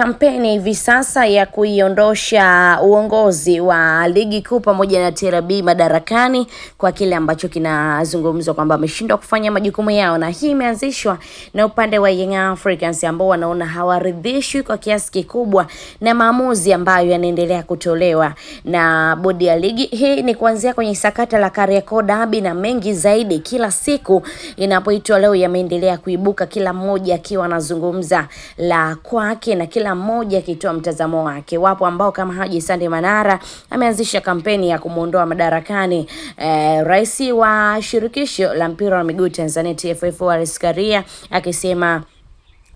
Kampeni hivi sasa ya kuiondosha uongozi wa ligi kuu pamoja na TRB madarakani kwa kile ambacho kinazungumzwa kwamba wameshindwa kufanya majukumu yao, na hii imeanzishwa na upande wa Young Africans ambao wanaona hawaridhishwi kwa kiasi kikubwa na maamuzi ambayo yanaendelea kutolewa na bodi ya ligi. Hii ni kuanzia kwenye sakata la Kariakoo Derby na mengi zaidi, kila siku inapoitwa leo yameendelea kuibuka, kila mmoja akiwa anazungumza la kwake na kila kila mmoja akitoa mtazamo wake. Wapo ambao kama Haji Sande Manara ameanzisha kampeni ya kumwondoa madarakani eh, rais wa shirikisho la mpira wa miguu Tanzania TFF Wallace Karia akisema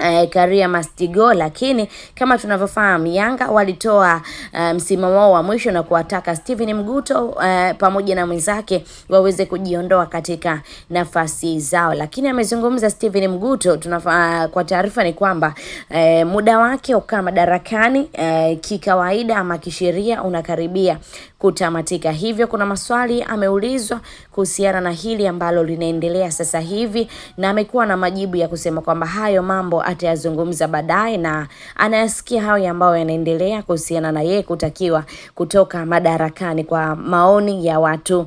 Uh, eh, Karia Mastigo, lakini kama tunavyofahamu Yanga walitoa eh, msimamo um, wao wa mwisho na kuwataka Steven Mguto uh, pamoja na mwenzake waweze kujiondoa katika nafasi zao, lakini amezungumza Steven Mguto tunafa, uh, kwa taarifa ni kwamba uh, muda wake ukaa madarakani uh, kikawaida ama kisheria unakaribia kutamatika, hivyo kuna maswali ameulizwa kuhusiana na hili ambalo linaendelea sasa hivi, na amekuwa na majibu ya kusema kwamba hayo mambo atayazungumza baadaye, na anayasikia hayo ambayo yanaendelea kuhusiana na yeye kutakiwa kutoka madarakani kwa maoni ya watu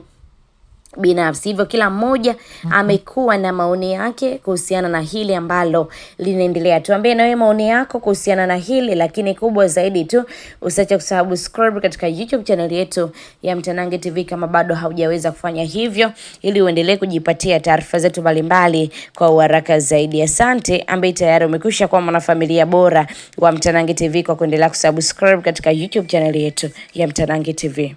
binafsi. Hivyo kila mmoja mhm. amekuwa na maoni yake kuhusiana na hili ambalo linaendelea. Tuambie na wewe maoni yako kuhusiana na hili, lakini kubwa zaidi tu usiache kusubscribe katika YouTube channel yetu ya Mtanange TV kama bado haujaweza kufanya hivyo, ili uendelee kujipatia taarifa zetu mbalimbali kwa uharaka zaidi. Asante ambaye tayari umekwisha kuwa mwanafamilia bora wa Mtanange TV kwa kuendelea kusubscribe katika YouTube channel yetu ya Mtanange TV.